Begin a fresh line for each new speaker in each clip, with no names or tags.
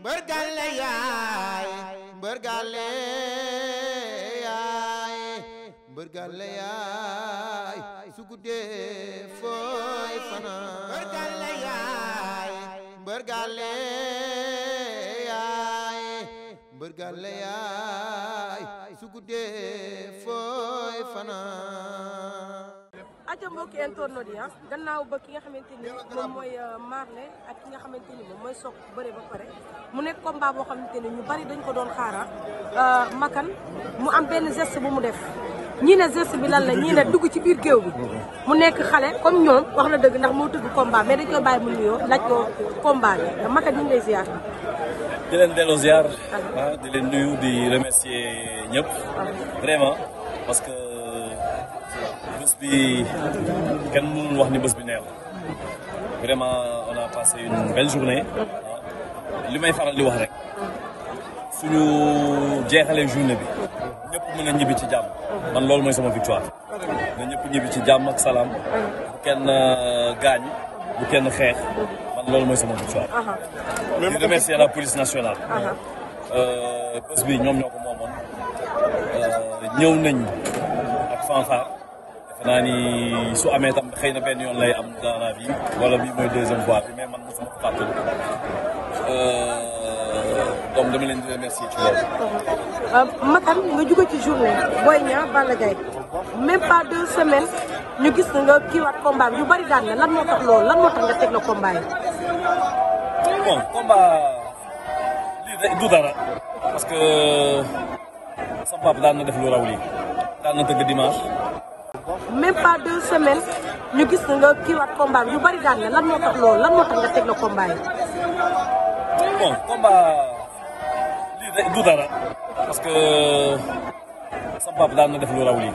mbërgale yaay mbërgale yaay mbërgale yaay su yaay mbërgale yaay fanaan
aca mbokki internautes yi gannaaw ba ki nga xamante ni moom mooy euh, Marley ak ki nga xamante ni moom mooy Sokh bëre ba pare mu nekk combat boo xamante ni ñu bari dañ ko doon xaara euh, makan mu am benn geste bu mu def ñii ne geste bi lan la ñii ne dugg ci biir géew bi mu nekk xale comme ñoom wax na dëgg ndax moo tëgg combat mais dañ koy bàyyi mu nuyoo laaj ko combat bi makan ñu ngi lay ziar
di leen delloo ziar ah, ah di leen nuyu di remercier ñëpp ah. vraiment bés bi kenn mënul wax ni bés bi neex vraiment on a ah, li may faral di wax rek suñu jeexalee journée bi ñëpp mën a ñibbi ci jàmm man loolu mooy sama victoire na ñëpp ñibbi ci jàmm ak salaam kenn euh, gaañ bu kenn xeex man loolu mooy sama victoire di remercier la police nationale euh, bés bi ñoom ñoo ko moomoon euh, ñëw nañ ak fanfare xanaa ni su amee tam xëy na benn yoon lay am dans la vie wala bii mooy deuxième fois bi mais man mosuma ko fàttali ko euh, donc dama leen di remercier ci loolu.
Euh, Makan nga jóge ci journée Boy Niang Balla Gaye même pas deux semaines ñu gis nga kiiwaat combat yu bari daan na lan moo tax loolu lan moo tax nga teg la combat yi. bon combat lii
que euh, sa papa daan na def lu raw lii daan na tëgg dimanche.
même pas deux semaines ñu gis nga kiiwaat combat bi bari daan la lan moo tax loolu lan moo tax nga teg la combat yi. bon combat du dara
parce que sama papa daan na def lu raw lii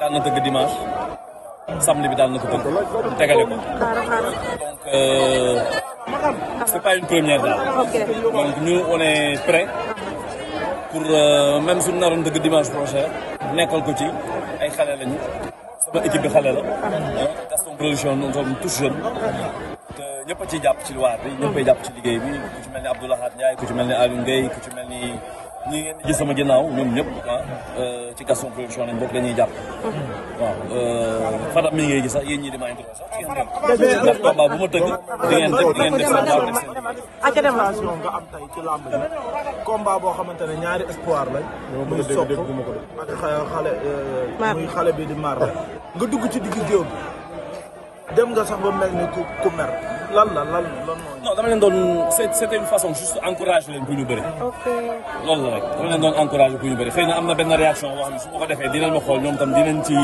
daan na tëgg dimanche samedi bi daan na ko tëgg tegale ko. donc euh, c'est pas une première daal. donc ñu on est pour euh, même suñu naroon dëgg dimanche prochain nekkal ko ci ay xale lañu. sama équipe bi xale la. Gaston production nous sommes tous jeunes. te ñëpp a ciy jàpp ci waar bi. ñëpp a jàpp ci liggéey bi ku ci mel ni Abdoulaye Ndiaye ku ci mel ni Aliou Ngueye ku ci mel ni. ñi ngeen gis sama ginnaaw ñëpp euh, ci Gaston production lañ bokk dañuy jàpp.
Mmh.
waaw euh, Fadam mi ngay gis sax yéen ñii di ma interroger bu ma tëgg di ngeen def di ngeen def sama baax def
seen nga am tey boo xamante ne ñaari espoir lañ muy sopp ak xale euh, muy xale bi di mar nga dugg ci digg géew bi
dem nga sax ba mel ni ku mer lan la lan la lan non dama leen doon c' était une façon juste encouragé leen pour ñu bëri. ok loolu la rek dama leen doon encouragé pour ñu bëri xëy na am na benn réaction boo xam ne su ma ko defee dinañ ma xool ñoom tam dinañ ci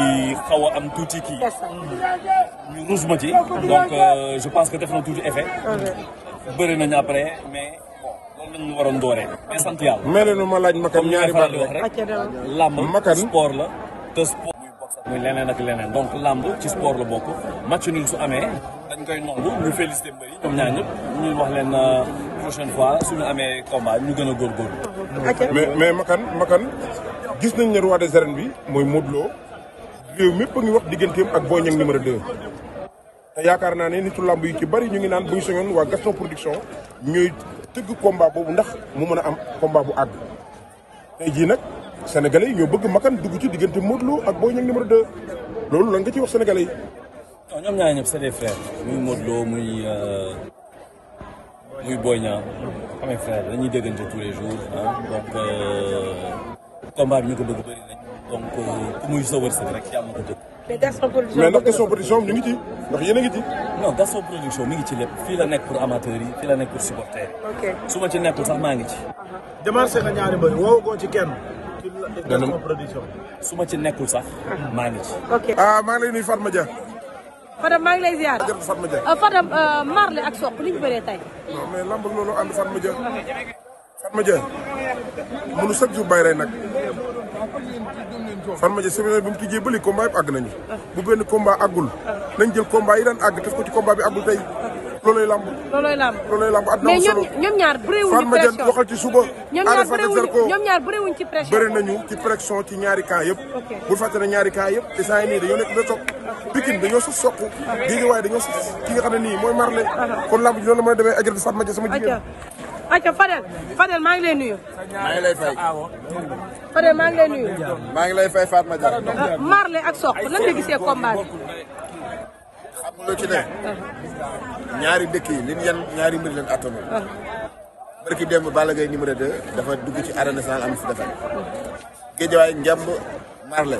xaw a am tuuti kii. ñu ruus ma ci. donc euh, je pense que def na tuuti effet. bëri nañu après mais. lañ waroon dooree mais sant yàlla mel nu ma laaj makan ñaari baat la làmb makan sport la te sport muy leneen ak leneen donc làmb ci sport la bokk match nul su amee dañ koy nangu ñu félicité mbër yi ñoom ñaar ñëpp ñu wax leen euh, prochaine fois suñu amee komba ñu gën a góorgóorlu. mais mais Makan Makan
gis nañ ne roi des arènes bi mooy Modou Lo réew mépp a ngi wax digganteem ak Boy Niang numéro 2. te yaakaar naa ne nitu làmb yi ci bari ñu ngi naan bu ñu soñoon waa Gaston production ñooy tëgg combat boobu ndax mu mën a am combat bu àgg. tey jii nag sénégalais yi ñoo bëgg Makan dugg ci diggante Modou Lo ak Boy Niang numéro loolu lan nga ci wax sénégalais yi.
non ñoom ñaar ñëpp c'est des muy Modou Lo muy euh, muy Boy Niang amee frère dañuy déggante tous les jours donc euh, combat bi ñu ko bëgg bëri nañ donc euh, ku muy sa wërsëg rek yàlla na ko dëkk.
mais Gaston production mais ndax
Gaston ngi ci ndax yéen a ngi ci. production mi ngi ci lépp fii la nekk pour amateurs yi fii la nekk pour supporters yi. ok su ma ci nekkul sax maa ngi ci. Uh-huh. démarché nga ñaari mbër woo ko ci kenn. dana Gaston production. su ma ci nekkul sax maa ngi ci. ok ah, maa ngi lay nuyu Fatma
Fadam maa ngi lay ziar. Fadam euh, euh, Marley ak Sokh li ñu bëree tey. non mais lamb
loolu ànd Fatma Dia. mënu chaque jour bàyyi rey nag. Fatma Dia semaine bi mu tijjee bële combat yëpp àgg nañu. bu benn combat àggul. nañ jël combat yi daan àgg def ko ci combat bi àggul tey. looloy lamb. looloy lamb looloy lamb at na solo mais
ñoom ñaar bëriwuñu ci pression waxal
ci suba. ñoom ñaar bëriwuñu ñoom
ñaar bëriwuñu ci pression. bëri nañu
ci pression ci ñaari camp yëpp. ok bul fàtte ne ñaari camp yëpp instant yii nii dañoo nekk ba toog. dañoo suf soq. léegi waaye dañoo suf ki nga xam ne nii mooy ah,
ak Sokh lan nga gisee combat
lu ci ne ñaari dëkk yi li ñaari mbir leen attanul ah. barki démb Balla Gaye numéro 2 dafa dugg ci arène nationale am si defal géejawaay njamb marle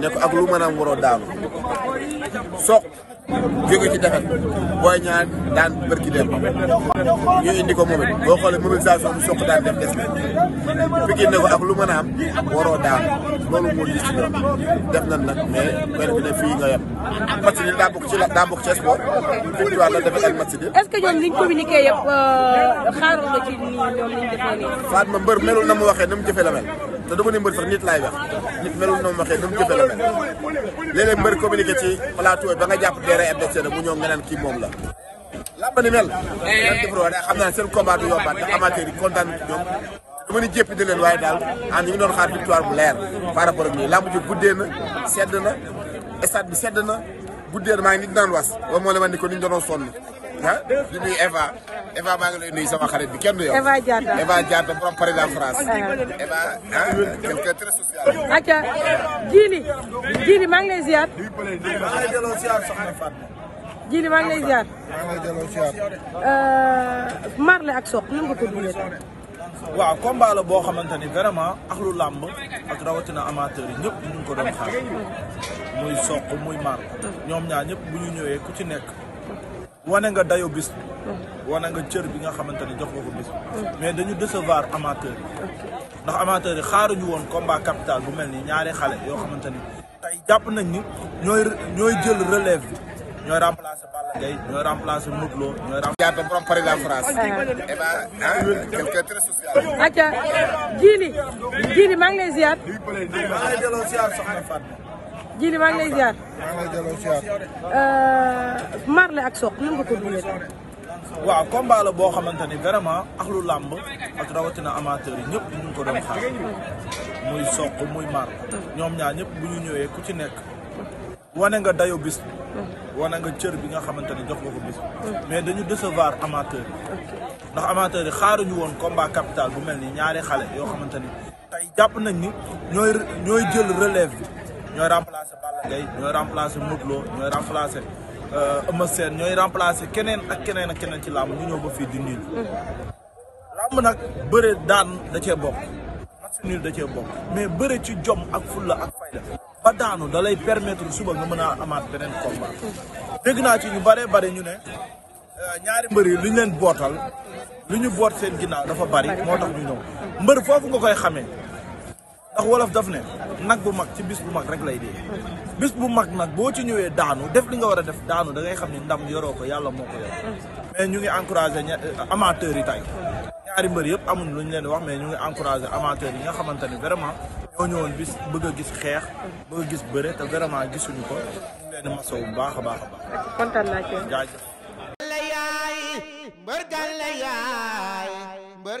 ne ak lu mën a woro daanu soq jóge ci defet booy ñaar daan bërki dem ñu indi ko moom it boo xoolee mobilisation bi soq daan def des na fekki na ko ak lu mën a am waroo daa loolu moo gis ci ñoom def nañ nag mais benn bi ne fii nga yem match bi daa bokk ci la daa bokk ci sport victoire la defet ak match bi
est-ce que ñoom liñ communiqué yëpp euh, xaaroon na ci nii ñoom liñ
mbër melul na mu waxee na mu jëfee la mel te dama ne mbër sax nit laay wax nit melul noonu waxee nu mu la mel léeg-léeg mbër communiqué ci plateau ba nga jàpp deere adversaire mu ñëw nga naan kii moom la. làmb ni mel. lan defaroo waaye xam naa seen combat du yombaat ndax amateur yi kontaan na ci ñoom. dama ni jéppi di waaye daal ah ñu ngi doon xaar victoire bu leer par rapport ak nii làmb ji guddee na sedd na stade bi sedd na guddee na maa ngi nit naan was. loolu moo leen wan ni ko ñu doon sonn ah di nuyu Eva. Eva maa ngi lay nuyu sama xarit bi kenn du yow. Eva Diatta Eva Diatta borom Paris la France. maa ngi
lay ziar. maa ngi lay euh, ak Sokh nan nga ko dundee tam.
waaw boo xamante ni vraiment axlu làmb ak rawatina amateur yi ñëpp ñu ngi muy Sokh muy Marley ñoom ñaar ñëpp bu ñu ñëwee ku ci nekk wane nga dayo bis wana nga cër bi nga xamante ne jox nga ko bis mais dañu décevoir amateurs yi ndax amateurs xaar xaaruñu woon combat capital bu mel ni ñaari xale yoo xamante ni tey jàpp nañ ni ñooy ñooy jël relève bi ñooy remplacer Balla Gaye ñooy remplacer Modou Lo ñooy remplacer borom Paris la France eh ben
ah quelqu'un très social acca jiili jiili maa ngi lay ziar maa ngi lay ak Sokh nan nga ko dundee
waaw combat la boo xamante ni vraiment axlu làmb ak rawatina amateur yi ñëpp ñu ngi ko doon xaar muy soq muy mar ñoom ñaar ñëpp bu ñu ñëwee ku ci nekk wane nga dayo bis wane nga cër bi nga xamante ni jox nga ko bis mais dañu décevoir amateur yi ndax amateur yi xaaruñu woon combat capital bu mel ni ñaari xale yoo xamante ni tey jàpp nañ ni ñooy ñooy jël relève bi ñooy remplacer Balla Gaye ñooy remplacer Modou Lo ñooy remplacer Euh, Eumeu Sène ñooy remplacer keneen ak keneen ak keneen ci làmb ñu ñëw ba fii di niil mhm. làmb nag bëre daan da cee bokk match nul da cee bokk mais bëre ci jom ak fulla ak fayda ba daanu da lay permettre suba nga mën a amaat beneen combat dégg naa ci ñu bare bare ñu ne euh, ñaari mbër yi lu ñu leen bootal lu ñu boot seen ginnaaw dafa bari moo tax ñu ñëw mbër foofu nga koy xamee ndax wolof daf ne nag bu mag ci bis bu mag rek lay dee bis bu mag nag boo ci ñëwee daanu def li nga war a def daanu da ngay xam ni ndam yoroo ko yàlla moo ko yor mais ñu ngi encouragé euh, amateurs yi tey ñaari mbër yëpp amuñ lu ñu leen wax mais ñu ngi encouragé amateurs yi nga xamante ni vraiment ñoo ñëwoon bis bëgg a gis xeex bëgg a gis bëre te a gisuñu ko ñu leen masaw bu baax a baax
a baax kontaan naa ci jaajëf
mbër gàlle yaay mbër